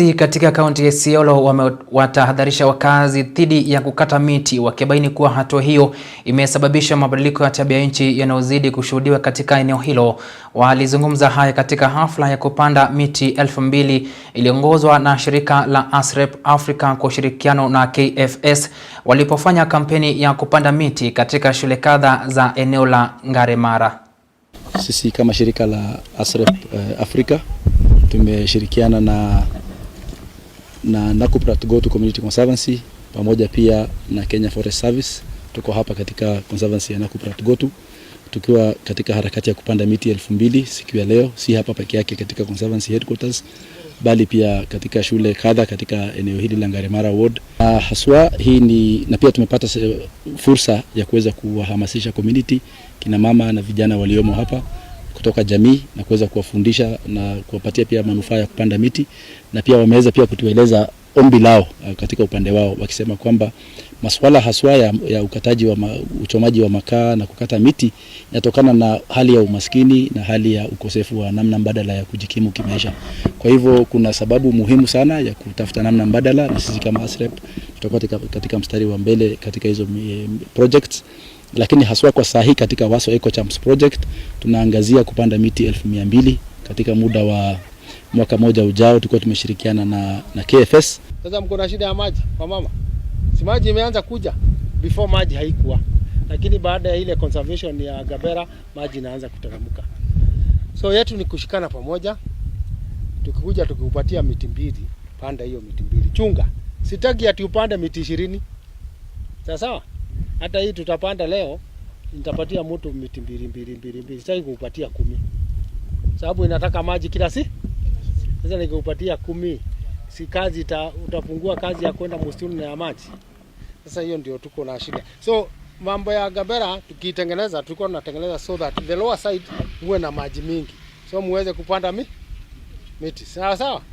Viongozi katika kaunti ya Isiolo wamewatahadharisha wakazi dhidi ya kukata miti wakibaini kuwa hatua hiyo imesababisha mabadiliko ya tabia nchi yanayozidi kushuhudiwa katika eneo hilo. Walizungumza haya katika hafla ya kupanda miti elfu mbili na shirika la ASREP Africa kwa ushirikiano na KFS walipofanya kampeni ya kupanda miti katika shule kadha za eneo la Ngaremara. Sisi kama shirika la ASREP eh, Africa tumeshirikiana na na Nakuprat to go to Community Conservancy pamoja pia na Kenya Forest Service. Tuko hapa katika Conservancy ya Nakuprat go to tukiwa katika harakati ya kupanda miti elfu mbili siku ya leo, si hapa peke yake katika Conservancy headquarters, bali pia katika shule kadha katika eneo hili la Ngaremara Ward. Na haswa hii ni na pia tumepata fursa ya kuweza kuwahamasisha community, kina mama na vijana waliomo hapa kutoka jamii na kuweza kuwafundisha na kuwapatia pia manufaa ya kupanda miti, na pia wameweza pia kutueleza ombi lao uh, katika upande wao wakisema kwamba masuala haswa ya, ya ukataji wa ma, uchomaji wa makaa na kukata miti inatokana na hali ya umaskini na hali ya ukosefu wa namna mbadala ya kujikimu kimaisha. Kwa hivyo kuna sababu muhimu sana ya kutafuta namna mbadala, na sisi kama ASREP tutakuwa katika, katika mstari wa mbele katika hizo eh, projects lakini haswa kwa saa hii katika Waso Eco Champs project tunaangazia kupanda miti elfu mia mbili katika muda wa mwaka moja ujao. Tulikuwa tumeshirikiana na, na KFS. Sasa mko na shida ya maji kwa mama, si maji imeanza kuja, before maji haikuwa, lakini baada ya ile conservation ya Gabera maji inaanza kuteremka. So yetu ni kushikana pamoja, tukikuja tukikupatia miti mbili, panda hiyo miti mbili, chunga. Sitaki ati upande miti ishirini, sawa sawa. Hata hii tutapanda leo, nitapatia mtu miti mbili mbili mbili mbili, sitaki kukupatia kumi sababu inataka maji kila si. Sasa nikikupatia kumi, si kazi ita, utapungua kazi ya kwenda msituni na ya maji. Sasa hiyo ndio tuko na shida, so mambo ya Gabera tukitengeneza, tulikuwa tunatengeneza so that the lower side muwe na maji mingi, so muweze kupanda mi miti sawa sawa.